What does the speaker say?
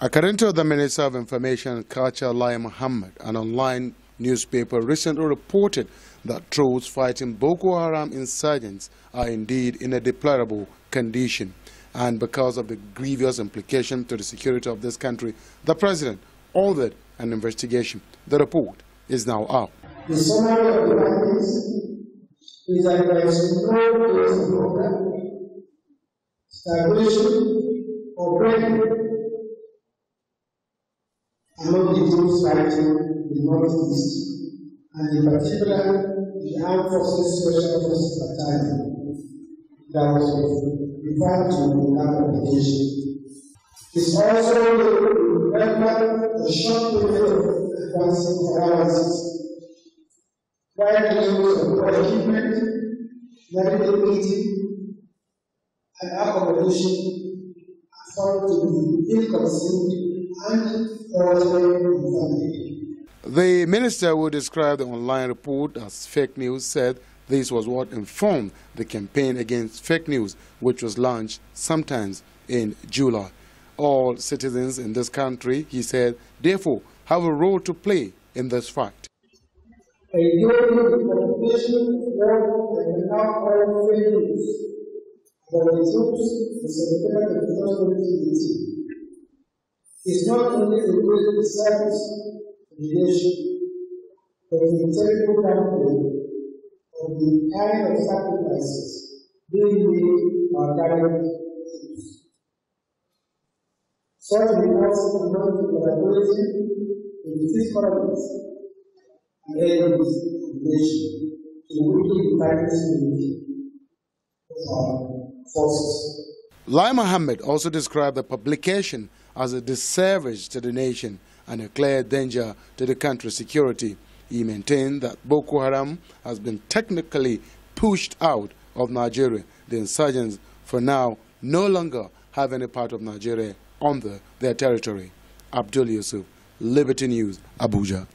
According to the Minister of Information and Culture, Lai Muhammad, an online newspaper recently reported that troops fighting Boko Haram insurgents are indeed in a deplorable condition. And because of the grievous implication to the security of this country, the President ordered an investigation. The report is now out. The summary of the is that there is no place or breaking among the Gulf fighting the northeast, and in particular the Armed Forces Special Forces Battalion that was referred to in that publication. It's also the of a short period of advancing paralysis. Wide levels of poor equipment, meeting, and accommodation are found to be inconceivable and the minister who described the online report as fake news said this was what informed the campaign against fake news, which was launched sometimes in July. All citizens in this country, he said, therefore have a role to play in this fight is not only a great service relation, but a integral downplay of the kind of sacrifices being made or direct Such reports involve the collaboration in disparate and areas the nation to weaken the tightness of our forces. Lai Mohammed also described the publication as a disservice to the nation and a clear danger to the country's security. He maintained that Boko Haram has been technically pushed out of Nigeria. The insurgents, for now, no longer have any part of Nigeria on their territory. Abdul Yusuf, Liberty News, Abuja.